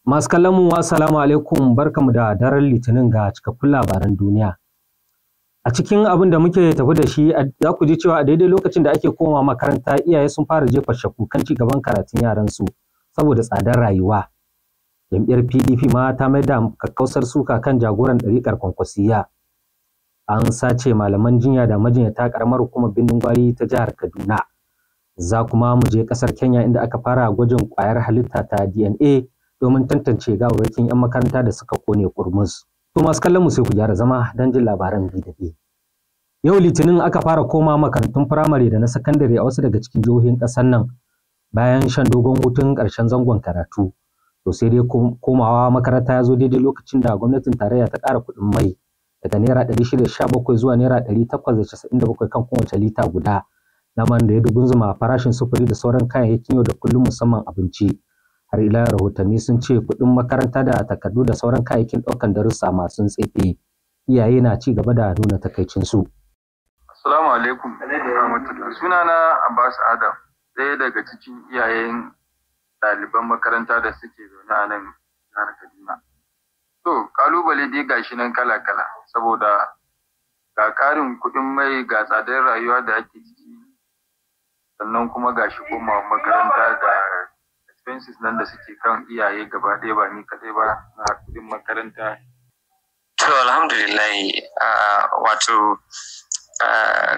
Masu kallonmu assalamu alaikum barkamu da daren litinin ga cikakkun labaran duniya. A cikin abin da muke tafi da shi za ku ji cewa a daidai lokacin da ake koma makaranta iyaye sun fara jefa shakku kan ci gaban karatun yaransu saboda tsadar rayuwa. Jam'iyyar PDP ma ta mai da kakkausar suka kan jagoran ɗariƙar kwankwasiya. An sace malaman jinya da majinyata ƙaramar hukumar birnin gwari ta jihar Kaduna. Za kuma mu je ƙasar Kenya inda aka fara gwajin ƙwayar halitta ta DNA domin tantance gawarwakin 'yan makaranta da suka kone kurmus. To masu kallon mu sai ku gyara zama don jin labaran bi da bi. Yau Litinin aka fara koma makarantun firamare da na sakandare a wasu daga cikin jihohin ƙasar nan bayan shan dogon hutun ƙarshen zangon karatu. To sai dai komawa makaranta ya zo daidai lokacin da gwamnatin tarayya ta ƙara kuɗin mai daga naira ɗari shida sha bakwai zuwa naira ɗari takwas da casa'in da bakwai kan kowace lita guda. Naman da ya zuma farashin sufuri da sauran kayayyakin yau da kullum musamman abinci. har ila rahotanni sun ce kuɗin makaranta da takardu da sauran kayayyakin ɗaukan darussa masu tsefe iyaye na ci gaba da nuna takaicinsu. Assalamu alaikum sunana Abbas Adam ɗaya daga cikin iyayen ɗaliban makaranta da suke zaune a nan jihar Kaduna. To kalubale dai gashi nan kala-kala saboda ga karin kuɗin mai ga tsadar rayuwa da ake ciki sannan kuma gashi komawa makaranta da expenses nan da suke kan iyaye gaba ɗaya ba ni kaɗai ba na kuɗin makaranta? To alhamdulillah wato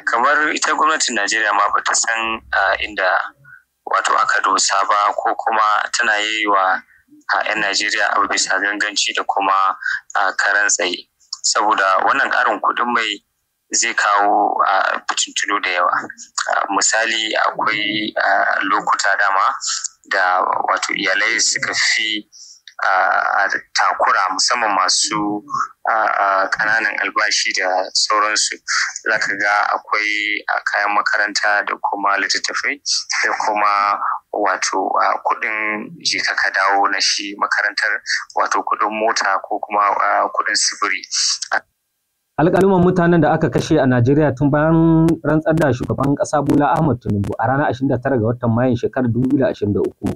kamar ita gwamnatin Najeriya ma ba ta san inda wato aka dosa ba ko kuma tana yi wa 'yan Najeriya abu bisa ganganci da kuma karan tsaye. Saboda wannan ƙarin kuɗin mai zai kawo fitintunu da yawa misali akwai lokuta dama da wato iyalai suka fi takura musamman masu kananan albashi da sauransu zaka ga akwai kayan makaranta da kuma littattafai da kuma wato kudin je ka dawo na shi makarantar wato kudin mota ko kuma kudin sifiri alƙaluman mutanen da aka kashe a Najeriya tun bayan rantsar da shugaban ƙasa Bola Ahmed Tinubu a ranar 29 ga watan Mayu shekarar 2023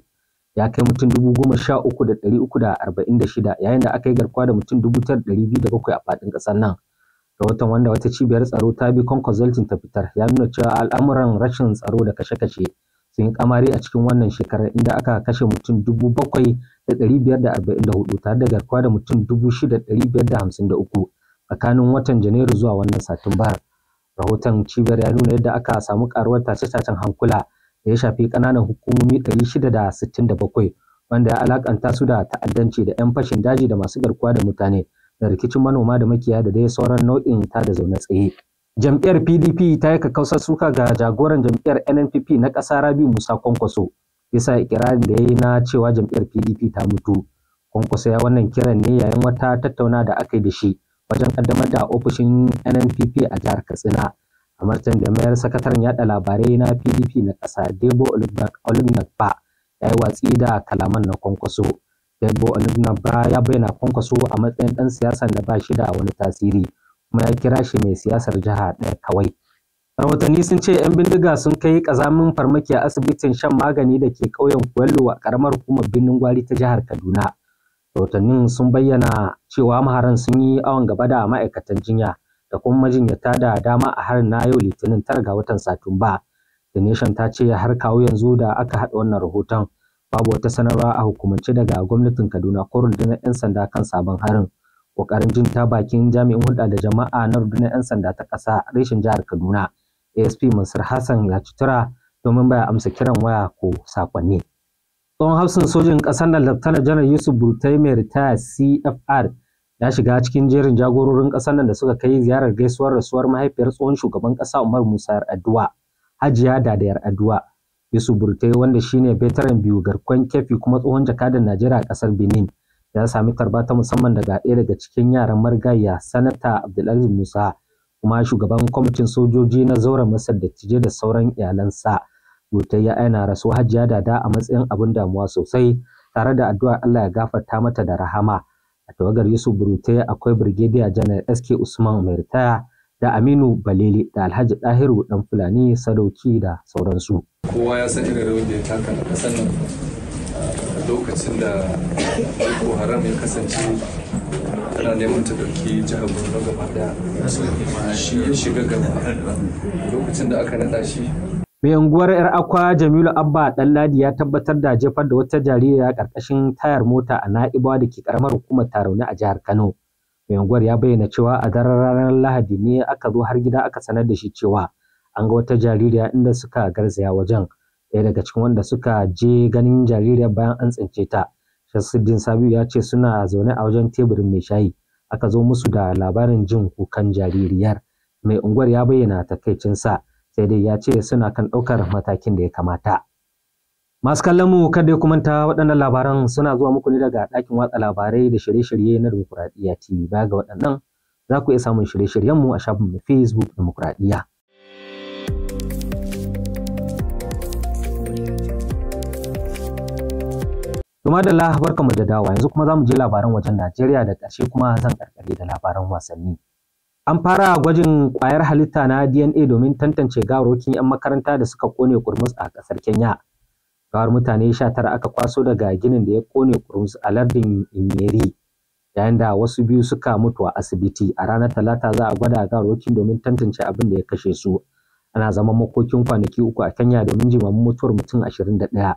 ya kai mutum 13,346 yayin da aka yi garkuwa da mutum 9,207 a faɗin ƙasar nan. Rahoton wanda wata cibiyar tsaro ta bi Consulting ta fitar ya nuna cewa al'amuran rashin tsaro da kashe-kashe sun yi kamari a cikin wannan shekarar inda aka kashe mutum 7,544 tare da garkuwa da mutum 6,553. tsakanin watan janairu zuwa wannan satumbar rahoton cibiyar ya nuna yadda aka samu karuwar tashe-tashen hankula da ya shafi kananan hukumomi 667 wanda ya alakanta su da ta'addanci da 'yan fashin daji da masu garkuwa da mutane da rikicin manoma da makiya da dai sauran nau'in ta da zaune tsaye. Jam'iyyar PDP ta yi kakkausar suka ga jagoran jam'iyyar NNPP na ƙasa Rabiu Musa Kwankwaso bisa ikirarin da ya yi na cewa jam'iyyar PDP ta mutu. Kwankwaso ya wannan kiran ne yayin wata tattauna da aka yi da shi wajen ƙaddamar da ofishin NNPP a jihar Katsina. A martan da mayar sakataren yaɗa labarai na PDP na ƙasa Debo Olugnagba ya yi watsi da kalaman na kwankwaso. Debo Olugnagba ya bayyana kwankwaso a matsayin ɗan siyasan da ba shi da wani tasiri kuma ya kira shi mai siyasar jiha ɗaya kawai. rahotanni sun ce 'yan bindiga sun kai ƙazamin farmaki a asibitin shan magani da ke ƙauyen kwallo a ƙaramar hukumar birnin gwari ta jihar kaduna rahotannin sun bayyana cewa maharan sun yi awon gaba da ma'aikatan jinya da kuma majinyata da dama a harin na yau litinin tara ga watan satumba the nation ta ce har kawo yanzu da aka haɗa wannan rahoton babu wata sanarwa a hukumance daga gwamnatin kaduna ko rundunar 'yan sanda kan sabon harin kokarin jin ta bakin jami'in hulɗa da jama'a na rundunar 'yan sanda ta ƙasa reshen jihar kaduna asp mansur hassan ya ci domin baya amsa kiran waya ko sakonni. tsohon hafsin sojin ƙasar nan laftanar janar yusuf burtai mai ritaya cfr ya shiga cikin jerin jagororin ƙasar nan da suka kai ziyarar gaisuwar rasuwar mahaifiyar tsohon shugaban ƙasa umar musa yar'adua hajiya da da yar'adua yusuf burtai wanda shine veteran biyu garkon kefi kuma tsohon jakadan najeriya a ƙasar benin ya sami tarba ta musamman daga ɗaya daga cikin yaran marigayya sanata abdulaziz musa kuma shugaban kwamitin sojoji na zauren masar da tije da sauran iyalansa. ya aina rasu hajiya dada a matsayin abin damuwa sosai tare da addu'a Allah ya gafarta mata da rahama a tawagar Yusuf Burutaya akwai Brigadier General SK Usman mai ritaya da Aminu Balili da Alhaji Dahiru dan Fulani Sadauki da sauransu. Kowa ya san irin rawar da ya taka a ƙasar nan lokacin da Boko Haram ya kasance ana neman ta ɗauki jihar Borno gaba daya. Shi ya shiga gaba lokacin da aka naɗa shi Mai unguwar 'Yar Akwa Jamilu Abba Ɗanladi ya tabbatar da jefar da wata jaririya ƙarƙashin tayar mota a Na'ibawa da ke ƙaramar hukumar Tarauni a jihar Kano. Mai unguwar ya bayyana cewa a daren ranar Lahadi ne aka zo har gida aka sanar da shi cewa an ga wata jaririya inda suka garzaya wajen. Ɗaya daga cikin wanda suka je ganin jaririyar bayan an tsince ta. Shamsuddin Sabiu ya ce suna zaune a wajen teburin mai shayi. Aka zo musu da labarin jin kukan jaririyar. Mai unguwar ya bayyana takaicinsa. sai dai ya ce suna kan ɗaukar matakin da ya kamata. Masu kallon mu kada ya kumanta waɗannan labaran suna zuwa muku ne daga ɗakin watsa labarai da shirye-shirye na Dimokuraɗiyya TV. Baya ga waɗannan za ku iya samun shirye-shiryenmu a shafin Facebook Dimokuraɗiyya. Tuma da barkanmu da dawa yanzu kuma za mu je labaran wajen Najeriya da ƙarshe kuma zan ƙarƙare da labaran wasanni. An fara gwajin kwayar halitta na DNA domin tantance gawarwakin 'yan makaranta da suka kone kurmus a ƙasar Kenya. Gawar mutane sha tara aka kwaso daga ginin da ya kone kurmus a lardin Inyeri, yayin da wasu biyu suka mutu a asibiti. A ranar Talata za a gwada gawarwakin domin tantance abin da ya kashe su. Ana zaman makokin kwanaki uku a Kenya domin jimamin mutuwar mutum ashirin da ɗaya,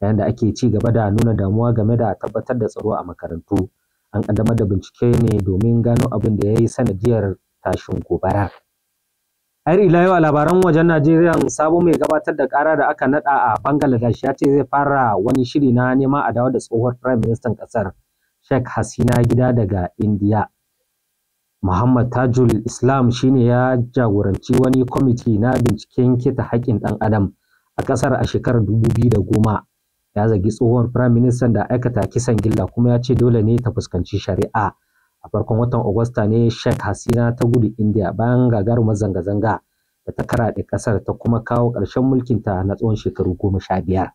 yayin da ake ci gaba da nuna damuwa game da tabbatar da tsaro a makarantu. An ƙaddamar da bincike ne domin gano abin da ya yi sanadiyar tashin gobara. har ila yau a labaran wajen Najeriya sabo mai gabatar da kara da aka nada a Bangladesh ya ce zai fara wani shiri na nema a dawo da tsohuwar Prime Minister kasar Sheikh Hasina gida daga India. Muhammad Tajul Islam shine ya jagoranci wani kwamiti na binciken keta haƙƙin ɗan adam a ƙasar a shekarar goma, ya zagi tsohuwar Prime Minister da aikata kisan gilla kuma ya ce dole ne ta fuskanci shari'a. a farkon watan Agusta ne Sheikh Hasina ta gudu India bayan gagarumar mazanga zanga da ta karaɗe ƙasar ta kuma kawo ƙarshen mulkinta na tsawon shekaru goma sha biyar.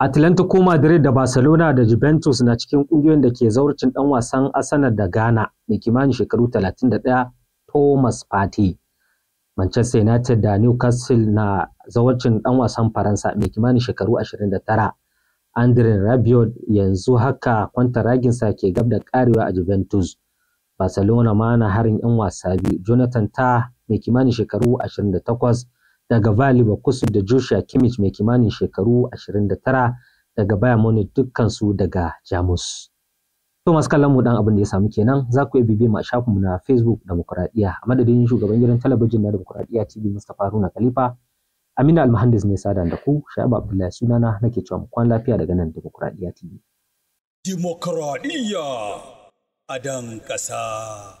Atlanta ko Madrid da Barcelona da Juventus na cikin ƙungiyoyin da ke zawarcin ɗan wasan Arsenal da Ghana mai kimanin shekaru 31 Thomas Partey. Manchester United da Newcastle na zawarcin ɗan wasan Faransa mai kimanin shekaru 29 Andre Rabiot yanzu haka kwanta raginsa ke gab da karewa a Juventus. barcelona ma na harin 'yan wasa biyu jonathan ta mai kimanin shekaru 28 daga vali bakusu da joshua kimmich mai kimanin shekaru 29 daga bayern munich dukkansu daga jamus to masu kallon mu dan abin da ya samu kenan za ku iya bibe mu a shafinmu na facebook demokuraɗiyya a madadin shugaban gidan talabijin na demokuraɗiyya tv mustapha haruna khalifa amina almahandis ne sadan da ku Shaibu abdullahi sunana nake cewa mu kwan lafiya daga nan demokuraɗiyya tv dimokuraɗiyya a dan ƙasa.